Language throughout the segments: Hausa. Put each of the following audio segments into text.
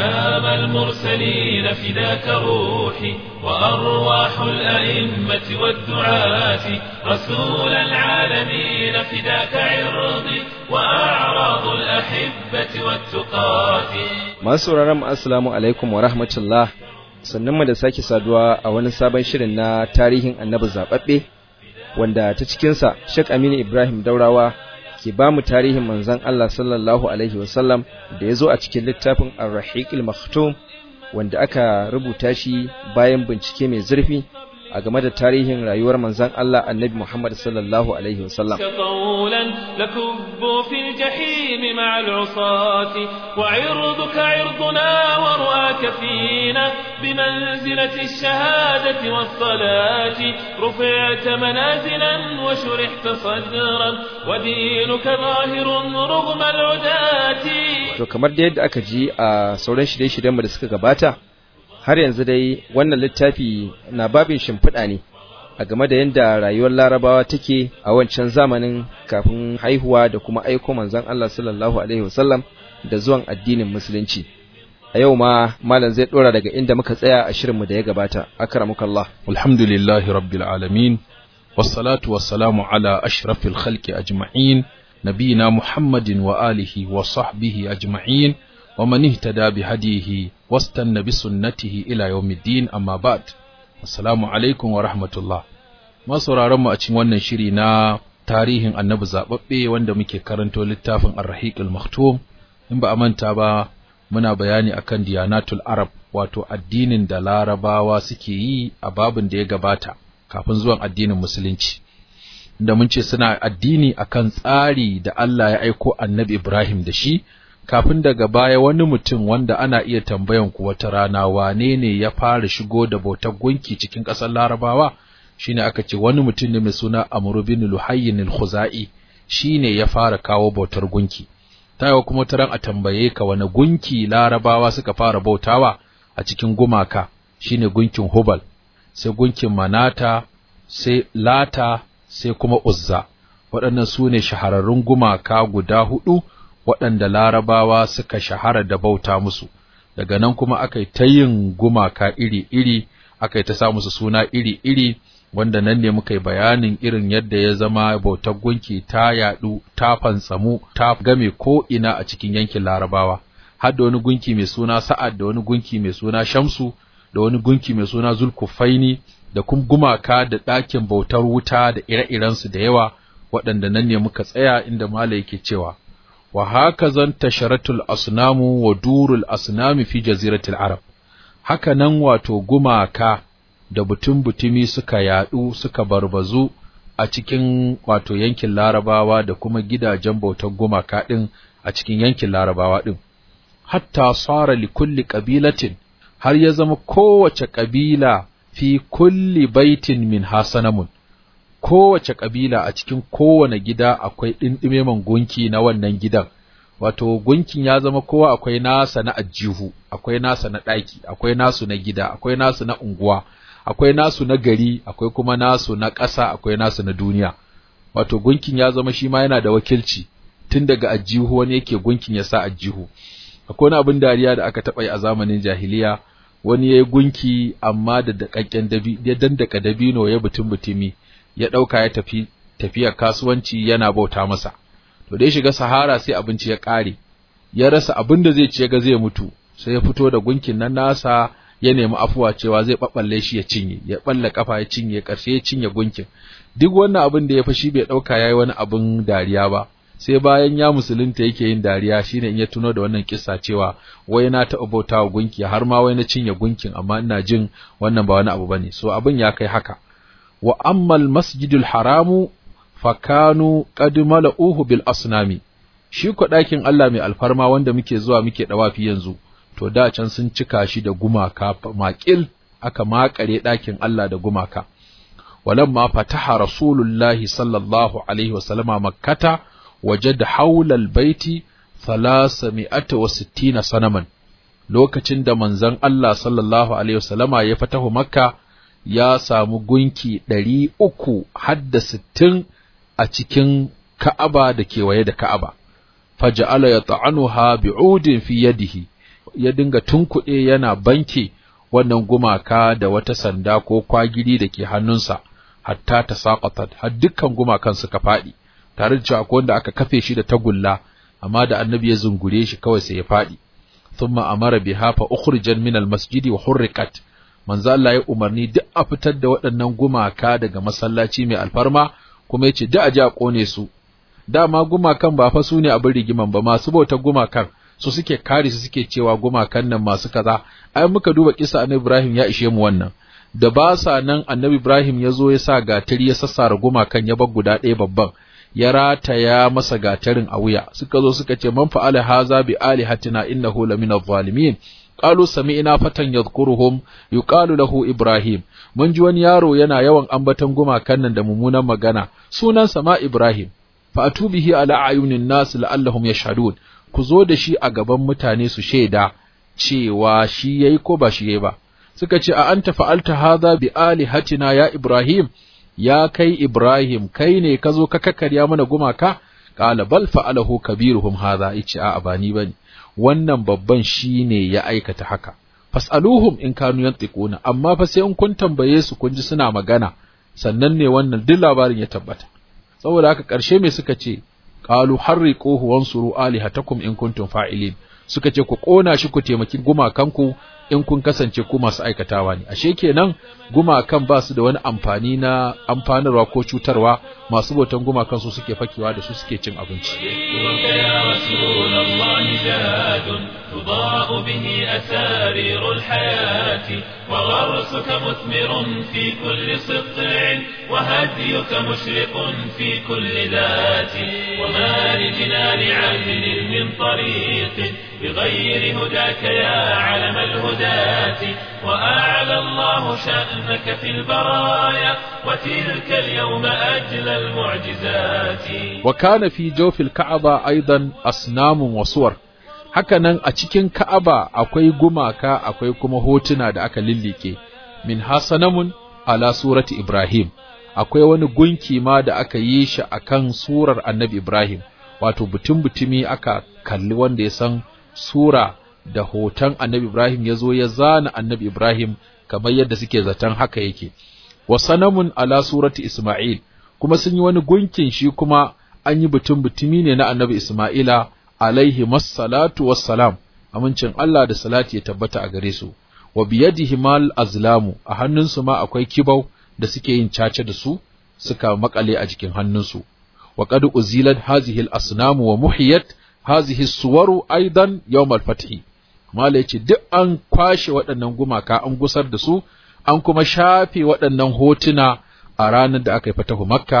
إمام المرسلين فداك روحي وأرواح الأئمة والدعاة رسول العالمين فداك عرضي وأعراض الأحبة والتقاة ما سورة السلام عليكم ورحمة الله sannan mu da sake saduwa a wani sabon shirin na tarihin annabi zaɓaɓɓe wanda ta cikinsa Sheikh Aminu Ibrahim Daurawa ke ba mu tarihin manzan Allah sallallahu alaihi wasallam da ya zo a cikin littafin Ar-Rahiqul wanda aka rubuta shi bayan bincike mai zurfi a game da tarihin rayuwar manzon Allah Annabi Muhammad sallallahu alaihi wasallam qawlan lakubbu fil jahim ma'al usati wa 'irduka 'irduna wa ru'aka fina bimanzilati ash-shahadati was-salati rufi'ta manazilan wa shurihta sadran wa dinuka zahirun rughma al-'udati to kamar da yadda aka ji a sauran shirye-shiryen da suka gabata har yanzu dai wannan littafi na babin shimfiɗa ne a game da yadda rayuwar larabawa take a wancan zamanin kafin haihuwa da kuma aiko manzon Allah sallallahu alaihi wasallam da zuwan addinin musulunci a yau ma malam zai dora daga inda muka tsaya a shirinmu da ya gabata akramukallah alhamdulillahi rabbil alamin wassalatu wassalamu ala ashrafil khalqi ajma'in nabiyina muhammadin wa alihi wa sahbihi ajma'in ومن اهتدى بهديه واستنى بسنته ila يوم الدين bad بعد السلام عليكم ورحمة الله ما cikin wannan shiri na tarihin annabi zaɓaɓɓe wanda muke karanto littafin al maktum in ba a manta ba muna bayani akan diyanatul arab wato addinin da larabawa suke yi a babin da ya gabata kafin zuwan addinin musulunci da mun ce suna addini akan tsari da Allah ya aiko annabi Ibrahim da shi kafin daga baya wani mutum wanda ana iya tambayan ku wata rana wane ne ya fara shigo da bautar gunki cikin ƙasar Larabawa shine aka ce wani mutum ne mai suna amuru bin Luhayyin al-Khuzai shine ya fara kawo bautar gunki Ta tayo kuma taran a tambaye ka wani gunki Larabawa suka fara bautawa a cikin gumaka shine gunkin Hubal sai gunkin Manata sai Lata sai kuma Uzza waɗannan su ne shahararrun gumaka guda hudu waɗanda larabawa suka shahara da bauta musu, daga nan kuma aka yi ta yin gumaka iri-iri, aka yi ta sa musu suna iri-iri, wanda nan ne muka yi bayanin irin yadda ya zama bautar gunki ta yaɗu, ta fantsamu, ta game ko'ina a cikin yankin larabawa, har da wani gunki mai suna Sa'ad da wani gunki mai suna Shamsu, da wani gunki mai suna Zulkufaini, da kuma gumaka da ɗakin bautar wuta da ire-irensu da yawa, waɗanda nan ne muka tsaya inda malai yake cewa, wa haka zan tasharatul asnamu wa durul asnami fi jaziratul arab haka nan wato gumaka da butun butumi suka yadu suka barbazu a cikin wato yankin larabawa da kuma gidajen bautar gumaka din a cikin yankin larabawa din hatta sara li kulli qabilatin har ya zama kowace ƙabila fi kulli baitin min hasanamun kowace kabila a cikin kowane gida akwai ɗinɗimeman gunki na wannan gidan wato gunkin ya zama kowa akwai nasa na ajihu akwai nasa na ɗaki akwai nasu na gida akwai nasu na unguwa akwai nasu na gari akwai kuma nasu na ƙasa akwai nasu na duniya wato gunkin ya zama shi ma yana da wakilci tun daga ajihu wani yake gunkin ya sa ajihu akwai wani abin dariya da aka taɓa yi a zamanin jahiliya wani ya yi gunki amma da daƙaƙƙen dabino ya butun butumi ya ɗauka ya tafi tafiyar kasuwanci yana bauta masa to da ya shiga sahara sai abinci ya ƙare ya rasa abin da zai ci ga zai mutu sai ya fito da gunkin nan nasa ya nemi afuwa cewa zai ɓaɓɓalle shi ya cinye ya ɓalla kafa ya cinye ƙarshe ya cinye gunkin duk wannan abin da ya fashi bai ɗauka ya yi wani abin dariya ba sai bayan ya musulunta yake yin dariya shine in ya tuno da wannan kissa cewa wai na taɓa bauta wa gunki har ma wai na cinye gunkin amma ina jin wannan ba wani abu ba ne, so abin ya kai haka wa ammal masjidul haramu fakanu kadimala uhu bil asnami shi ko ɗakin Allah mai alfarma wanda muke zuwa muke ɗawafi yanzu to da can sun cika shi da gumaka maƙil aka makare ɗakin Allah da gumaka walamma fataha rasulullahi sallallahu alaihi wasallama makkata wajada haulal baiti thalasa mi'ata wa sanaman lokacin da manzon Allah sallallahu alaihi wasallama ya fatahu makka ya samu gunki ɗari uku hadda sittin a cikin ka'aba da kewaye da ka'aba faja'ala ya ta'anuha bi'udin fi yadihi ya dinga tun tunkuɗe yana banke wannan gumaka da wata sanda ko kwagiri da ke hannunsa hatta ta saƙatar, har dukkan gumakan suka faɗi tare da cewa wanda aka kafe shi da tagulla amma da annabi ya zungure shi kawai sai ya faɗi thumma amara biha hafa ukhrijan minal masjidi wa hurrikat. manzo Allah ya umarni duk a fitar da waɗannan gumaka daga masallaci mai alfarma kuma ya ce duk a ji a ƙone su dama gumakan ba fa su ne abin rigiman ba masu bauta gumakan su suke kare su suke cewa gumakan nan masu kaza ai muka duba kisa annabi Ibrahim ya ishe mu wannan da ba sa nan annabi Ibrahim ya zo ya sa gatari ya sassara gumakan ya bar guda ɗaya babban ya rataya masa gatarin a wuya suka zo suka ce man fa'ala haza bi alihatina innahu lamina zalimin qalu sami'na fatan yadhkuruhum yuqalu lahu ibrahim mun ji wani yaro yana yawan ambaton gumakan nan da mummunan magana sunansa ma ibrahim fa atubihi ala ayunin nas la'allahum yashhadun ku zo da shi a gaban mutane su shaida cewa shi yayi ko ba shi yayi ba suka ce a anta fa'alta hadha bi alihatina ya ibrahim ya kai ibrahim kai ne ka zo ka kakkarya mana gumaka qala bal fa'alahu kabiruhum hadha ba a abani bane wannan babban shi ne ya aikata haka fas'aluhum in kanu yantiquna amma fa sai in kun tambaye su kun ji suna magana sannan ne wannan duk labarin ya tabbata saboda haka karshe me suka ce qalu harriquhu wansuru alihatakum in kuntum fa'ilin suka ce ku kona shi ku taimaki gumakanku in kun kasance ku masu aikatawa ne ashe kenan gumakan ba su da wani amfani na amfanarwa ko cutarwa masu botan gumakan su suke fakewa da su suke cin abinci رسول الله جهاد تضاء به أسارير الحياة وغرسك مثمر في كل سطع وهديك مشرق في كل ذات وما لجنان عدل من طريق بغير هداك يا علم الهداة وأعلى الله شأنك في البرايا وتلك اليوم أجلى المعجزات وكان في جوف الكعبة أيضا أصنام وصور hakanan a cikin ka'aba akwai gumaka akwai kuma hotuna da aka lillike min hasanamun ala surati ibrahim akwai wani gunki ma da aka yi shi akan surar annabi ibrahim wato butun butumi aka kalli wanda ya san sura da hoton annabi ibrahim ya zo ya zana annabi ibrahim kamar yadda suke zaton haka yake wa sanamun ala surati isma'il kuma sun yi wani gunkin shi kuma an yi butun butumi ne na annabi isma'ila alaihi masalatu wassalam amincin Allah da salati ya tabbata a gare su wa biyadihi mal azlamu a hannunsu ma akwai kibau da suke yin caca da su suka makale a jikin hannunsu wa qad uzilat hazihi al-asnamu wa muhiyat hazihi suwaru aidan yawm al-fathi mal yace duk an kwashe waɗannan gumaka an gusar da su an kuma shafe waɗannan hotuna a ranar da aka yi fatahu makka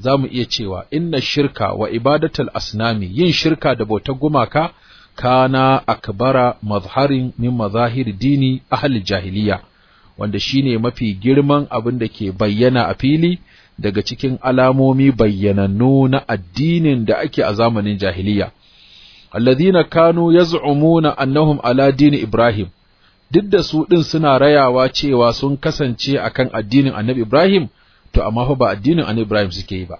za mu iya cewa inna shirka wa ibadatal asnami yin shirka da bautar gumaka kana akbara mazharin min mazahir dini ahli jahiliya wanda shine mafi girman abin da ke bayyana a fili daga cikin alamomi bayyanannu na addinin da ake a zamanin jahiliya alladhina kanu yaz'umuna annahum ala dini ibrahim duk da su din suna rayawa cewa sun kasance akan addinin annabi ibrahim to amma fa ba addinin an Ibrahim suke yi ba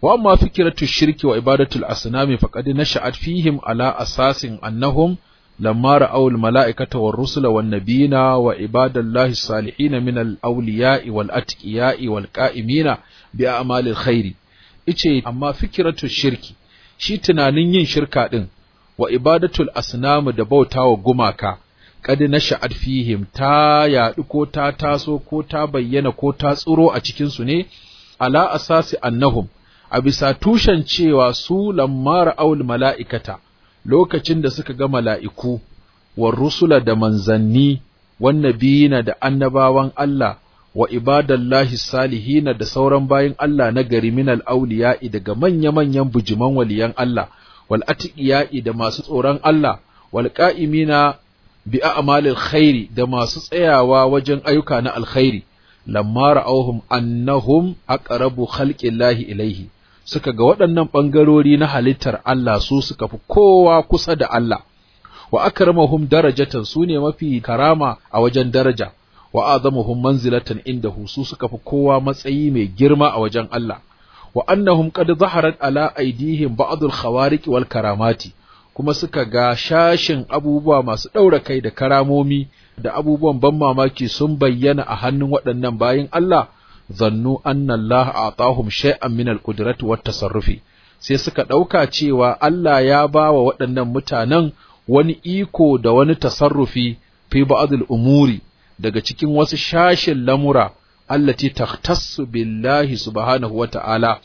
wa amma fikratu shirki wa ibadatul asnami faqad nasha'at fihim ala asasin annahum lamma ra'aw al mala'ikata war rusula wan nabiyina wa ibadallahi salihin min al awliya'i wal atqiya'i wal qa'imina bi a'malil khairi ice amma fikratu shirki shi tunanin yin shirka din wa ibadatul asnami da bautawa gumaka qad nasha'at fihim ta yaɗu ko ta taso ko ta bayyana ko ta tsuro a cikin su ne ala asasi annahum a bisa tushen cewa su lamma ra'aul mala'ikata lokacin da suka ga mala'iku wa rusula da manzanni na da annabawan Allah wa ibadallahi salihina da sauran bayin Allah na gari al auliya'i daga manya-manyan bujiman waliyan Allah wal ya'i da masu tsoron Allah wal qa'imina bi a'malil khairi da masu tsayawa wajen ayyuka na alkhairi lamma ra'awhum annahum aqrabu khalqillahi ilaihi suka ga waɗannan bangarori na halittar Allah su suka fi kowa kusa da Allah wa akramahum darajatan su ne mafi karama a wajen daraja wa azamuhum manzilatan indahu su suka fi kowa matsayi mai girma a wajen Allah wa annahum qad zaharat ala aidihim ba'd al khawariq wal karamati kuma suka ga shashin abubuwa masu ɗaura kai da karamomi da abubuwan ban mamaki sun bayyana a hannun waɗannan bayan Allah zannu anna Allah atahum shay'an min al-qudrati wat tasarrufi sai suka ɗauka cewa Allah ya ba wa waɗannan mutanen wani iko da wani tasarrufi fi ba'dil umuri daga cikin wasu shashin lamura allati takhtassu billahi subhanahu wata'ala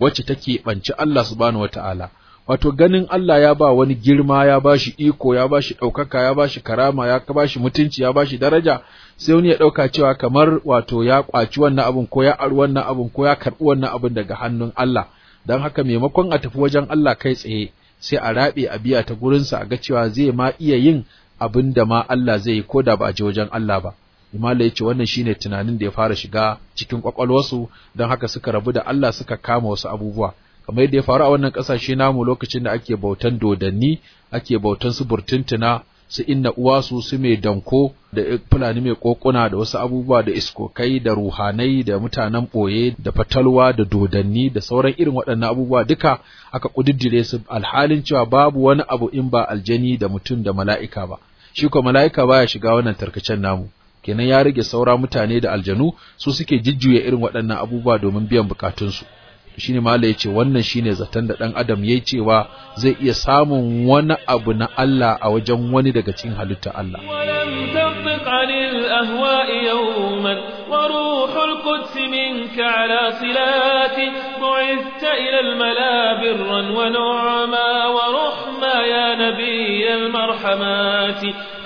wacce take banci Allah subhanahu wata'ala wato ganin Allah ya ba wani girma ya ba shi iko ya ba shi ɗaukaka ya ba shi karama ya ba shi mutunci ya ba shi daraja sai wani ya ɗauka cewa kamar wato ya ƙwaci wannan abin ko ya ari wannan abin ko ya karɓi wannan abin daga hannun Allah don haka maimakon a tafi wajen Allah kai tsaye sai a raɓe a biya ta gurinsa a ga cewa zai ma iya yin abin da ma Allah zai yi ko da ba a je wajen Allah ba. Imala ya ce wannan shine tunanin da ya fara shiga cikin kwakwalwarsu don haka suka rabu da Allah suka kama wasu abubuwa. kamar yadda ya faru a wannan kasashe namu lokacin da ake bautan dodanni ake bautan su burtuntuna su inna uwa su su mai danko da fulani mai kokuna da wasu abubuwa da iskokai da ruhanai da mutanen boye da fatalwa da dodanni da sauran irin waɗannan abubuwa duka aka kudiddire su alhalin cewa babu wani abu in ba aljani da mutum da mala'ika ba shi ko mala'ika baya shiga wannan tarkacen namu kenan ya rage saura mutane da aljanu su suke jijjuya irin waɗannan abubuwa domin biyan bukatunsu shine malai yace wannan shine zaton da dan adam yayi cewa zai iya samun wani abu na Allah a wajen wani daga cikin halitta Allah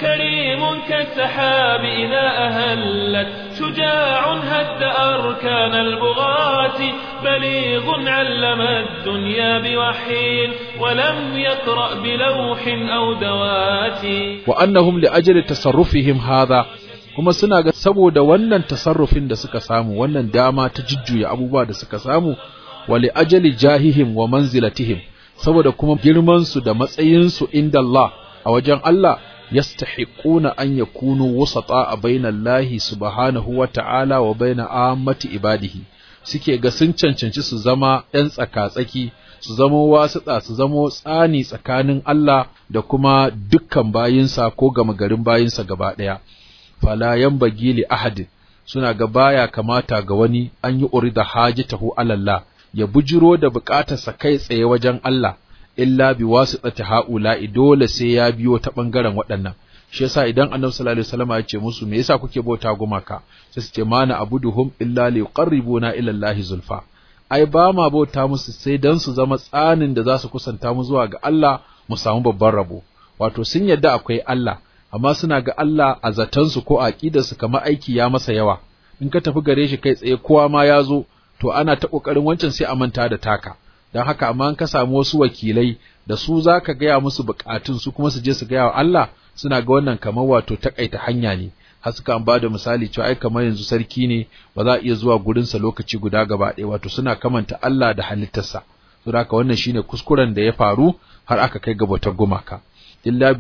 كريم كالسحاب إذا أهلت شجاع هد أركان البغاة بليغ علم الدنيا بوحي ولم يقرأ بلوح أو دوات وأنهم kuma suna ga saboda wannan tasarrufin da suka samu wannan dama ta jujjuya abubuwa da suka samu wali ajali jahihim wa manzilatihim saboda kuma girman su da matsayin su inda Allah a wajen Allah yastahiquna an yakunu wasata bainallahi subhanahu wa ta'ala wa bain ammati ibadihi suke ga sun cancanci su zama ‘yan tsaka-tsaki, su zamo wasuɗa, su zamo tsani tsakanin Allah da kuma dukkan bayinsa ko gama garin bayinsa gaba ɗaya. Falayan bagili Ahadi suna ga baya kamata ga wani an yi uri da haji tahu alalla, ya bujiro da bukatarsa kai tsaye wajen Allah, illa bi wasu tsati ha'ula'i dole sai ya biyo ta ɓangaren waɗannan. shi yasa idan annabi sallallahu alaihi wasallam ya ce musu me yasa kuke bauta gumaka sai su ce mana abuduhum illa yuqarribuna ila allahi zulfa ai ba ma bauta musu sai dan su zama tsanin da za su kusanta mu zuwa ga Allah mu samu babban rabo wato sun yadda akwai Allah amma suna ga Allah a zaton su ko a su kamar aiki ya masa yawa in ka tafi gare shi kai tsaye kowa ma ya zo to ana ta kokarin wancan sai a manta da taka dan haka amma in ka samu wasu wakilai da su za ka gaya musu bukatun su kuma su je su gaya wa Allah suna ga wannan kamar wato takaita hanya ne har suka an bada misali cewa ai kamar yanzu sarki ne ba za a iya zuwa gurin sa lokaci guda gaba ɗaya wato suna kamanta Allah da halittarsa to haka wannan shine kuskuren da ya faru har aka kai ga ta gumaka illa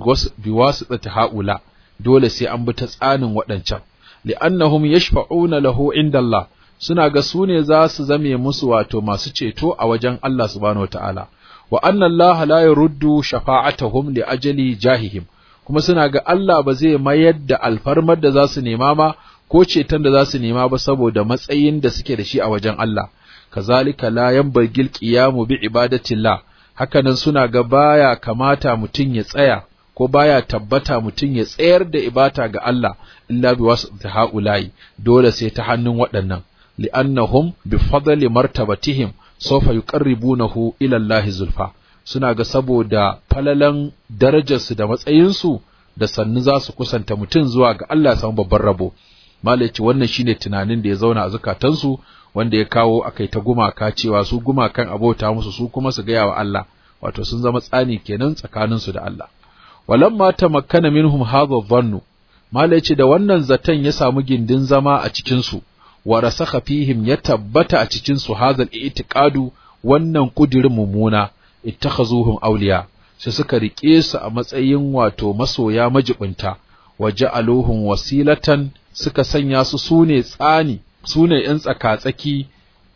biwasitati haula dole sai an bi ta tsanin waɗancan li'annahum yashfa'una lahu inda Allah suna ga sune ne za su zame musu wato masu ceto a wajen Allah subhanahu wataala wa anna Allah la yaruddu shafa'atahum li ajali jahihim kuma suna ga Allah ba zai mayar da alfarmar da za su nema ba ko ceton da za su nema ba saboda matsayin da suke da shi a wajen Allah kazalika la yanbagil qiyamu bi ibadatillah hakanan suna ga baya kamata mutun ya tsaya ko baya tabbata mutun ya tsayar da ibata ga Allah illa bi wasata haulai dole sai ta hannun waɗannan li'annahum bi fadli martabatihim sawfa yuqarribunahu ila Allah zulfa suna ga saboda falalan darajarsu da matsayinsu da sannu za su kusanta mutum zuwa ga Allah samu babban rabo malaci wannan shine tunanin da ya zauna a zukatansu wanda ya kawo akai ta gumaka cewa su gumakan abota musu su kuma su gaya wa Allah wato sun zama tsani kenan tsakaninsu da Allah walamma tamakkana minhum hadha dhannu malaci da wannan zaton ya samu gindin zama a cikin su wa rasakha fihim ya tabbata a cikin su hadha itiqadu wannan kudirin mummuna ittakhazuhum awliya sai suka rike su a matsayin wato masoya majibinta Waje wasilatan suka sanya su sune tsani sune yan tsakatsaki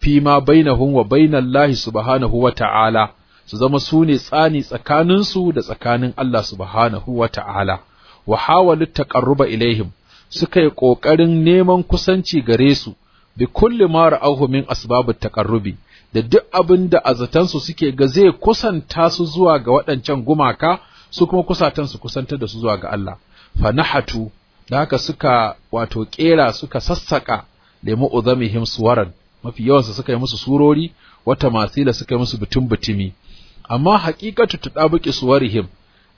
fima bainahum wa bainallahi subhanahu wa ta'ala su zama sune tsani tsakaninsu da tsakanin Allah subhanahu wa ta'ala wa hawalu taqarruba ilaihim suka yi ƙoƙarin neman kusanci gare su bi kulli ma ra'ahu min asbabut taqarrubi da duk abin da a suke ga zai kusanta su zuwa ga waɗancan gumaka su kuma kusatan su kusantar da su zuwa ga Allah fanahatu da haka suka wato kera suka sassaka lemu uzamihim suwaran mafi yawansu suka yi musu surori wata masila suka yi musu butun bitimi amma ta tadabuqi suwarihim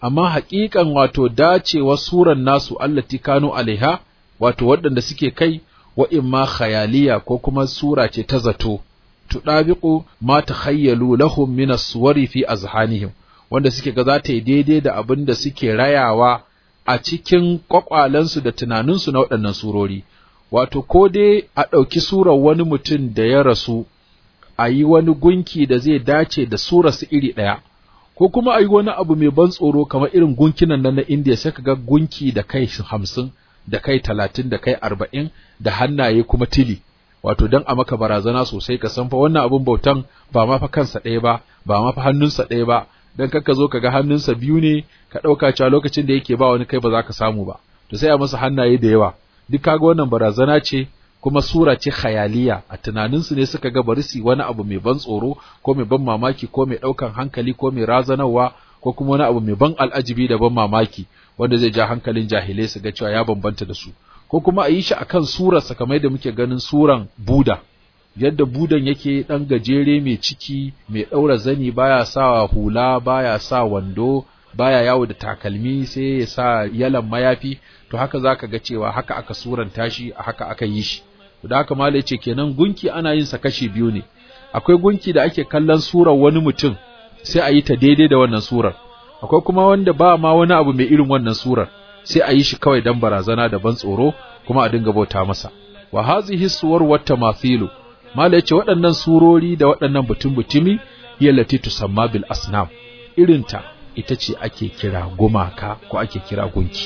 amma haƙiƙan wato dacewa suran nasu allati kanu alaiha wato waɗanda suke kai wa imma khayaliya ko kuma sura ce ta zato tudabiqu ma takhayyalu lahum min su suwari fi azhanihim wanda suke ga za ta yi daidai da abin da suke rayawa a cikin kwakwalansu da tunaninsu na waɗannan surori wato ko dai a ɗauki surar wani mutum da ya rasu a yi wani gunki da zai dace da su iri ɗaya ko kuma a yi wani abu mai ban tsoro kamar irin gunkinan nan na indiya sai ka ga gunki da kai hamsin da kai talatin da kai arba'in da hannaye kuma tili wato dan a maka barazana sosai ka san fa wannan abun bautan ba ma fa kansa ɗaya ba ba ma fa hannunsa ɗaya ba dan kakka zo ka ga hannunsa biyu ne ka ɗauka cewa lokacin da yake ba wani kai ba za ka samu ba to sai a masa hannaye da yawa duk kaga wannan barazana ce kuma sura ce khayaliya a tunaninsu ne suka ga bari wani abu mai ban tsoro ko mai ban mamaki ko mai ɗaukan hankali ko mai razanarwa ko kuma wani abu mai ban al'ajibi da ban mamaki wanda zai ja hankalin jahilai su ga cewa ya bambanta da su ko kuma a yi shi akan surarsa kamar da muke ganin suran buda yadda budan yake ɗan gajere mai ciki mai ɗaura zani baya sa hula baya sa wando baya yawo da takalmi sai ya sa yalan mayafi to haka zaka ga cewa haka aka suranta shi haka aka yi shi to da haka malai ce kenan gunki ana yin sa kashi biyu ne akwai gunki da ake kallon surar wani mutum sai a yi ta daidai da wannan surar akwai kuma wanda ba ma wani abu mai irin wannan surar sai a yi shi kawai dan barazana da ban tsoro kuma a dinga bauta masa wa hazihi suwar wata mafilu, mala ce waɗannan surori da waɗannan butun butumi yallati tusamma bil asnam ta ita ce ake kira gumaka ko ake kira gunki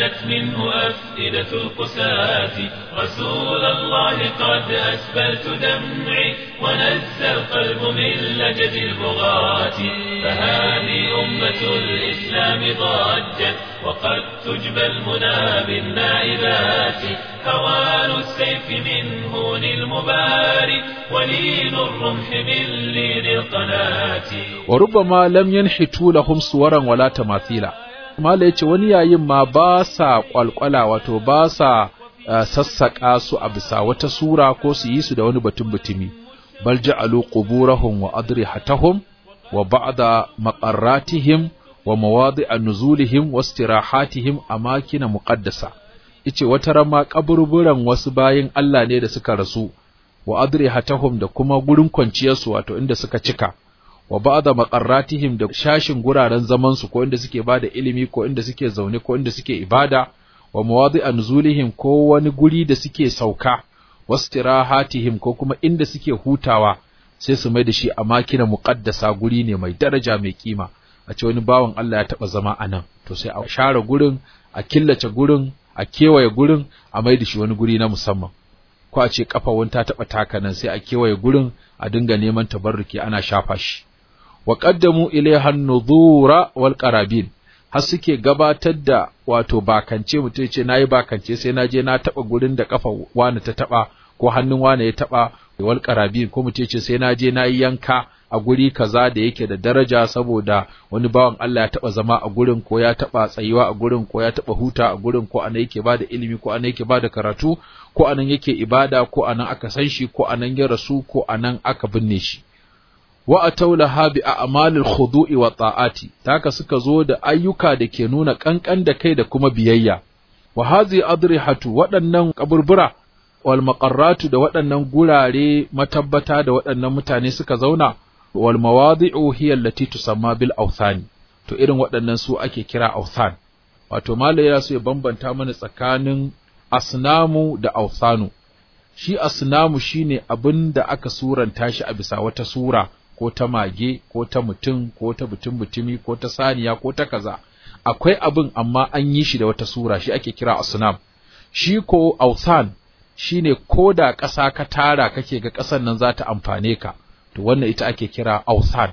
سالت منه أفئدة القساة رسول الله قد أسبلت دمعي ونزى القلب من لجد البغاة فهذه أمة الإسلام ضجت وقد تجبى المنى بالنائبات هوان السيف من هون المباري ولين الرمح من لين القناة وربما لم ينحتوا لهم صورا ولا تماثيلا mala ya ce wani yayin ma ba sa kwalkwala wato ba sa eh, sassaƙa su a bisa wata sura ko su yi su da wani batun mutumi bal ja'alu quburahum wa adrihatahum wa ba'da maqarratihim wa mawadi'a nuzulihim wa istirahatihim makina muqaddasa ice wata rama kaburburan wasu bayin Allah ne da suka rasu wa adrihatahum da kuma gurin kwanciyarsu wato inda suka cika wa ba'da maqarratihim da shashin guraren zamansu su ko inda suke bada ilimi ko inda suke zaune ko inda suke ibada wa a nuzulihim ko wani guri da suke sauka wasu wastirahatihim ko kuma inda suke hutawa sai su mai da shi a makina muƙaddasa guri ne mai daraja mai kima a ce wani bawan Allah ya taba zama a nan to sai a share gurin a killace gurin a kewaye gurin a mai da shi wani guri na musamman ko a ce kafa wani ta taba taka nan sai a kewaye gurin a dinga neman tabarruki ana shafa shi wa qaddamu ilaiha nuzura wal qarabin har suke gabatar da wato bakance mutum ce nayi bakance sai na je na taba gurin da kafa wani ta taba ko hannun wani ya taba wal qarabin ko mutum ce sai naje nayi yanka a guri kaza da yake da daraja saboda wani bawan Allah ya taba zama a gurin ko ya taba tsayuwa a gurin ko ya taba huta a gurin ko anan yake bada ilimi ko anan yake bada karatu ko anan yake ibada ko anan aka san shi ko anan ya rasu ko anan aka binne shi wa ataulaha bi a'malil khudu'i wa ta'ati taka suka zo da ayyuka da ke nuna ƙanƙan da kai da kuma biyayya wa hazi adrihatu waɗannan kaburbura wal maqarratu da waɗannan gurare matabbata da waɗannan mutane suka zauna wal mawadi'u hiya allati tusamma bil awthani to irin waɗannan su ake kira awthan wato malai ya so ya bambanta mana tsakanin asnamu da awthanu shi asnamu shine abin da aka suranta shi a bisa wata sura ko ta mage ko ta mutum ko ta butun butumi ko ta saniya ko ta kaza akwai abin amma an yi shi da wata sura shi ake kira asnam shi ko ausan shine ko da ƙasa ka tara kake ga ƙasan nan za ta amfane ka to wannan ita ake kira ausan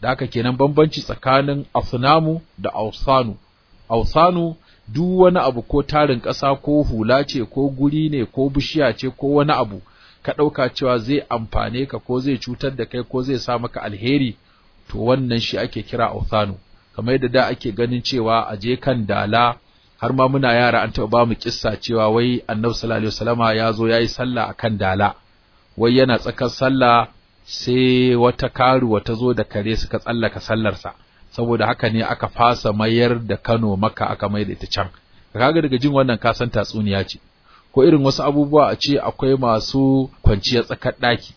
da haka kenan bambanci tsakanin asnamu da ausanu ausanu duk wani abu ko tarin ƙasa ko hula ce ko guri ne ko bishiya ce ko wani abu ka ɗauka cewa zai amfane ka ko zai cutar da kai ko zai sa maka alheri to wannan shi ake kira authano kamar yadda da ake ganin cewa a je kan dala har ma muna yara an taɓa bamu kissa cewa wai annabi sallallahu alaihi wasallama ya zo ya yi sallah a kan dala wai yana tsakar sallah sai wata karuwa ta zo da kare suka tsallaka sallarsa saboda haka ne aka fasa mayar da Kano maka aka mai da ita can kaga daga jin wannan kasan tatsuniya ce ko irin wasu abubuwa a ce akwai masu kwanciyar tsakar ɗaki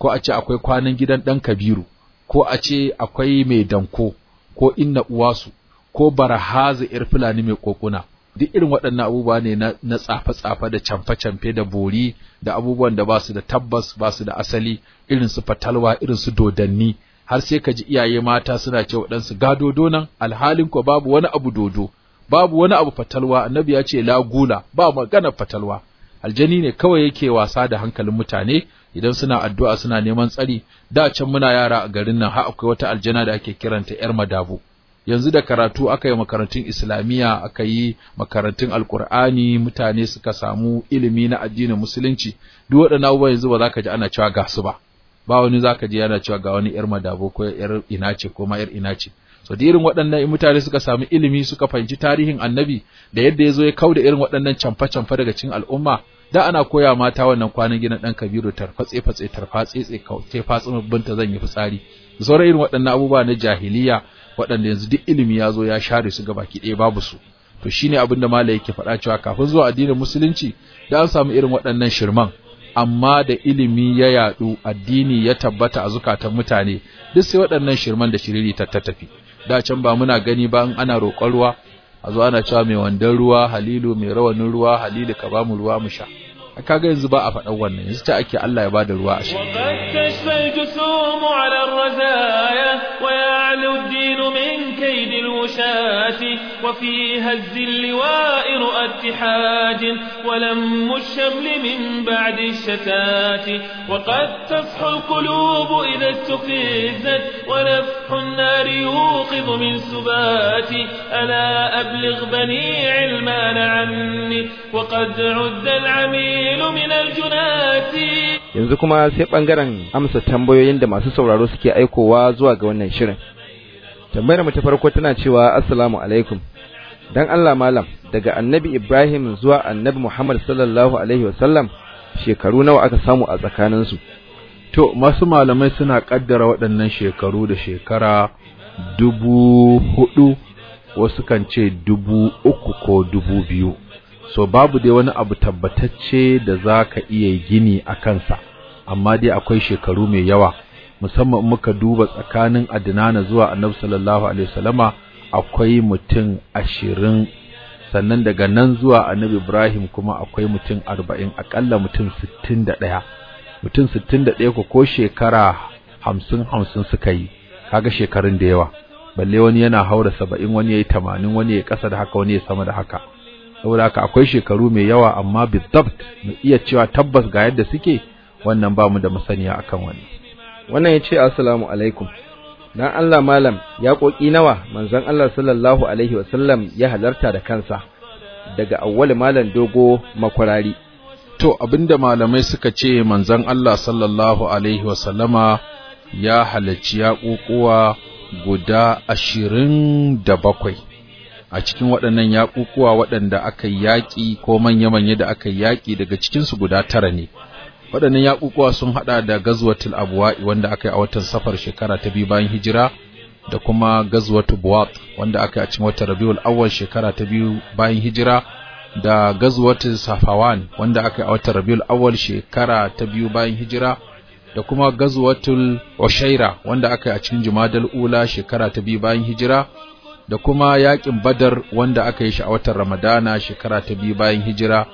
ko a ce akwai kwanan gidan ɗan kabiru ko a ce akwai mai danko ko inna uwasu ko barahaza 'yar fulani mai kokuna duk irin waɗannan abubuwa ne na tsafe-tsafe da camfe-camfe da bori da abubuwan da ba su da tabbas ba su da asali irin su fatalwa irin su dodanni har sai ka ji iyaye mata suna ce waɗansu ga dodo nan alhalin ko babu wani abu dodo babu wani abu fatalwa annabi ya ce lagula. ba magana fatalwa aljani ne kawai yake wasa da hankalin mutane idan suna addu'a suna neman tsari da can muna yara a garin nan har akwai wata aljana da ake kiranta yar madabu yanzu da karatu aka yi makarantun islamiyya aka yi makarantun alkur'ani mutane suka samu ilimi na addinin musulunci duk waɗannan abubuwan yanzu ba za ka ji ana cewa ga su ba ba wani za ka ji yana cewa ga wani yar madabu ko yar ina ce ko ma yar ina ce so da irin waɗannan in mutane suka samu ilimi suka fahimci tarihin annabi da yadda ya zo ya kau da irin waɗannan canfa-canfa daga cikin al'umma da ana koya mata wannan kwanan gina ɗan kabiru tarfatse fatse tarfatse tse fatsi binta zan yi fitsari da sauran irin waɗannan abubuwa na jahiliya waɗanda yanzu duk ilimi ya zo ya share su ki ɗaya babu su to shine abin da malai yake faɗa cewa kafin zuwa addinin musulunci da an samu irin waɗannan shirman amma da ilimi ya yaɗu addini ya tabbata a zukatan mutane duk sai waɗannan shirman da shiriri ta tafi da can ba muna gani ba in ana roƙon ruwa a zo ana cewa mai wandan ruwa halilu mai rawanin ruwa halilu ka ba mu ruwa mu sha a kaga yanzu ba a faɗan wannan yanzu ta ake Allah ya bada ruwa a shi مشاة وفي هز اللواء رؤت حاج ولم الشمل من بعد الشتات وقد تصحو القلوب إذا استفزت ونفح النار يوقظ من سبات ألا أبلغ بني علمان عني وقد عد العميل من الجنات yanzu kuma sai bangaren amsa tambayoyin da masu sauraro suke aikowa zuwa ga wannan shirin tambayar mu ta farko tana cewa assalamu alaikum dan Allah malam daga annabi Ibrahim zuwa annabi Muhammad sallallahu alaihi wasallam shekaru nawa aka samu a tsakanin su to masu malamai suna kaddara waɗannan shekaru da shekara dubu hudu wasu kan ce dubu uku ko dubu biyu so babu dai wani abu tabbatacce da za ka iya gini a kansa amma dai akwai shekaru mai yawa musamman muka duba tsakanin adinana zuwa annabi sallallahu alaihi wasallama akwai mutum ashirin sannan daga nan zuwa annabi ibrahim kuma akwai mutum arba'in akalla mutum sittin da ɗaya mutum sittin da ɗaya ko shekara hamsin hamsin suka yi kaga shekarun da yawa balle wani yana haura saba'in wani yayi 80 tamanin wani yayi ƙasa da haka wani ya sama da haka saboda haka akwai shekaru mai yawa amma bizabt mu iya cewa tabbas ga yadda suke wannan ba mu da masaniya akan wannan wannan ya ce assalamu alaikum dan Allah malam ya koki nawa manzon Allah sallallahu alaihi wasallam ya halarta da kansa daga awwal malam dogo makurari. to abinda malamai suka ce manzon Allah sallallahu alaihi wasallama ya halarci yaƙuƙuwa guda ashirin da bakwai a cikin waɗannan yaƙuƙuwa waɗanda aka yaƙi ko manya-manya da aka yaƙi daga cikinsu guda tara ne waɗannan yaƙuƙuwa sun haɗa da gazuwatul abuwa'i wanda aka yi a watan safar shekara ta biyu bayan hijira da kuma gazuwatul buwat wanda aka yi a cikin watan rabiul awwal shekara ta biyu bayan hijira da gazuwatul safawan wanda aka yi a watan rabiul awwal shekara ta biyu bayan hijira da kuma gazuwatul ushaira wanda aka yi a cikin jumadal ula shekara ta biyu bayan hijira da kuma yaƙin badar wanda aka yi shi a watan ramadana shekara ta biyu bayan hijira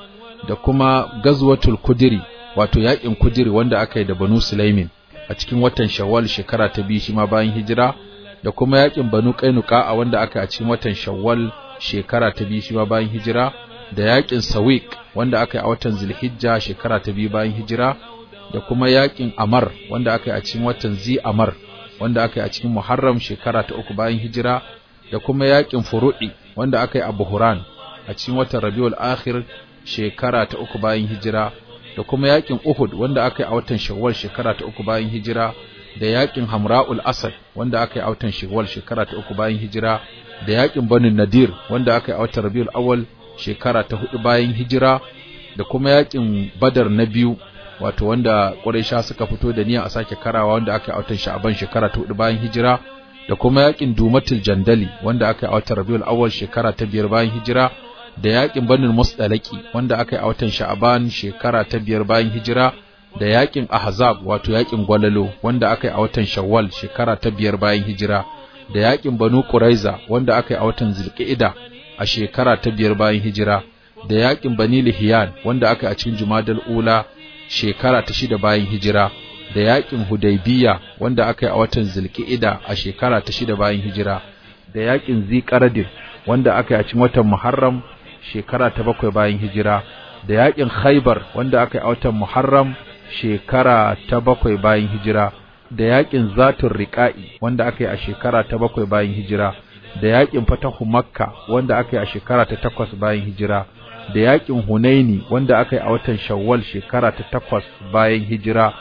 da kuma gazuwatul kudiri wato yakin kujiri wanda aka yi da banu sulaimin a cikin watan shawwal shekara ta biyu shi ma bayan hijira da kuma yakin banu kainuka a wanda aka yi a cikin watan shawwal shekara ta biyu shi ma bayan hijira da yakin sawik wanda aka yi a watan zulhijja shekara ta biyu bayan hijira da kuma yakin amar wanda aka yi a cikin watan zi amar wanda aka yi a cikin muharram shekara ta uku bayan hijira da kuma yakin furudi wanda aka yi a buhuran a cikin watan rabiul akhir shekara ta uku bayan hijira da kuma yakin Uhud wanda aka yi a watan Shawwal shekara ta uku bayan hijira da yakin Hamra'ul Asad wanda aka yi a watan Shawwal shekara ta uku bayan hijira da yakin Banu Nadir wanda aka yi a watan Rabiul Awwal shekara ta hudu bayan hijira da kuma yakin Badar na biyu wato wanda Quraysha suka fito da niyya a sake karawa wanda aka yi a watan Sha'ban shekara ta hudu bayan hijira da kuma yakin Dumatul Jandali wanda aka yi a watan Rabiul Awwal shekara ta biyar bayan hijira da yaƙin banin musdalaki wanda aka yi a watan sha'aban shekara ta biyar bayan hijira da yaƙin ahzab wato yaƙin gwalalo wanda aka yi a watan shawwal shekara ta biyar bayan hijira da yaƙin banu quraiza wanda aka yi a watan zulqa'ida a shekara ta biyar bayan hijira da yaƙin bani lihiyan wanda aka yi a cikin jumadal ula shekara ta shida bayan hijira da yaƙin hudaybiya wanda aka yi a watan zulqa'ida a shekara ta shida bayan hijira da yaƙin zikaradin wanda aka yi a cikin watan muharram shekara ta bakwai bayan hijira da yakin Khaibar wanda aka yi a watan Muharram shekara ta bakwai bayan hijira da yakin Zatul riƙai wanda aka yi a shekara ta bakwai bayan hijira da yakin Fatahu Makka wanda aka yi a shekara ta takwas bayan hijira da yakin Hunaini wanda aka yi a watan Shawwal shekara ta takwas bayan hijira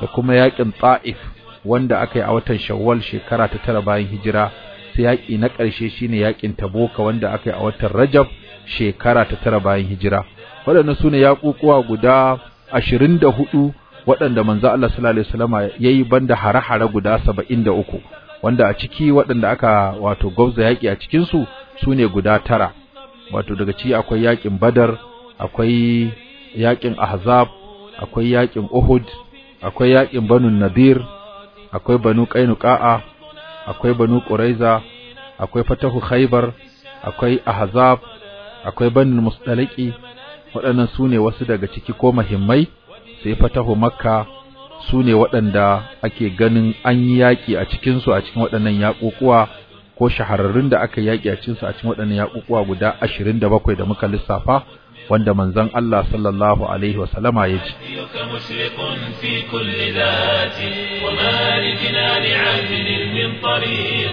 da kuma yakin Ta'if wanda aka yi a watan Shawwal shekara ta tara bayan hijira sai yaki na ƙarshe shine yakin Taboka wanda aka yi a watan Rajab shekara ta tara bayan hijira waɗannan su ne yaƙuƙuwa guda ashirin da hudu waɗanda manzo Allah sallallahu alaihi ya yi banda hare-hare guda saba'in da uku wanda a ciki waɗanda aka wato gwabza yaƙi a cikinsu su ne guda tara wato daga ciki akwai yaƙin badar akwai yaƙin ahzab akwai yaƙin uhud akwai yaƙin banu nadir akwai banu qainuqa'a akwai banu quraiza akwai fatahu khaybar akwai ahzab akwai banul mustalaki waɗannan su ne wasu daga ciki ko mahimmai sai fatahu makka su ne waɗanda ake ganin an yi yaƙi a cikinsu a cikin waɗannan yaƙuƙuwa ko shahararrun da aka yaƙi a cikinsu a cikin waɗannan yaƙuƙuwa guda ashirin da bakwai da muka lissafa wanda manzon Allah sallallahu alaihi wasallama ya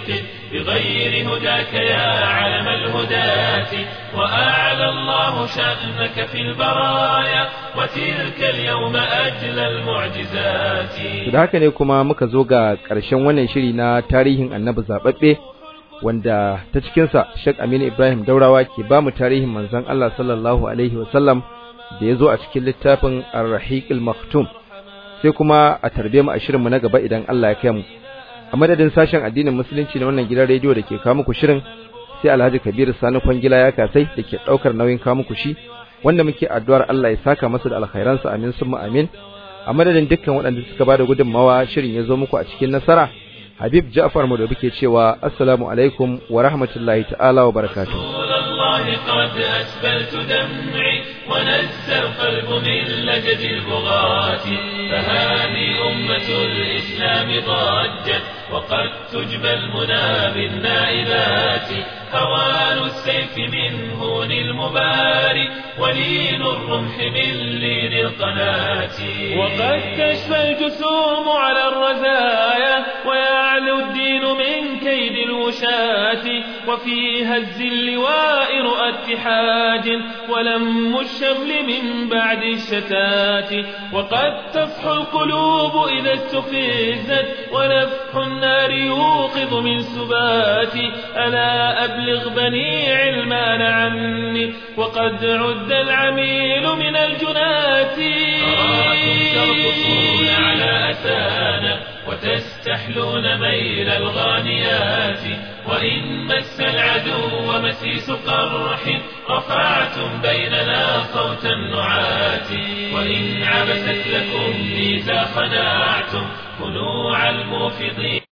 ce بغير هداك يا علم الهداة وأعلى الله شأنك في البرايا وتلك اليوم أجل المعجزات da haka ne kuma muka zo ga ƙarshen wannan shiri na tarihin annabi zaɓaɓɓe wanda ta cikinsa Sheikh Aminu Ibrahim Daurawa ke ba mu tarihin manzon Allah sallallahu alaihi sallam da ya zo a cikin littafin Ar-Rahiqul Maktum sai kuma a tarbe mu a shirinmu na gaba idan Allah ya kai mu a madadin sashen addinin musulunci na wannan gidan rediyo da ke kawo muku shirin sai Alhaji Kabir Sani Kwangila ya kasai da ke daukar nauyin kawo muku shi wanda muke addu'ar Allah ya saka masa da alkhairansa amin summa amin a madadin dukkan waɗanda suka ba da gudunmawa shirin ya zo muku a cikin nasara جعفر habib ja'far عليكم ورحمة الله تعالى وبركاته رسول الله قد أسفلت دمعي ونزل قلب من لجد البغاة فهذه أمة الإسلام ضجت وقد تجبى المنى بالنائبات هوان السيف من هون المباري ولين الرمح من لين القناة وقد تشفى الجسوم على الرزاق وفي وفيها الزل وائر اتحاج ولم الشمل من بعد الشتات وقد تصحو القلوب إذا استفزت ونفح النار يوقظ من سباتي ألا أبلغ بني علمان عني وقد عد العميل من الجنات شرط على أسانا تستحلون ميل الغانيات وإن مس العدو ومسيس قرح رفعتم بيننا صوت النعات وإن عبست لكم إذا خنعتم خنوع الموفضين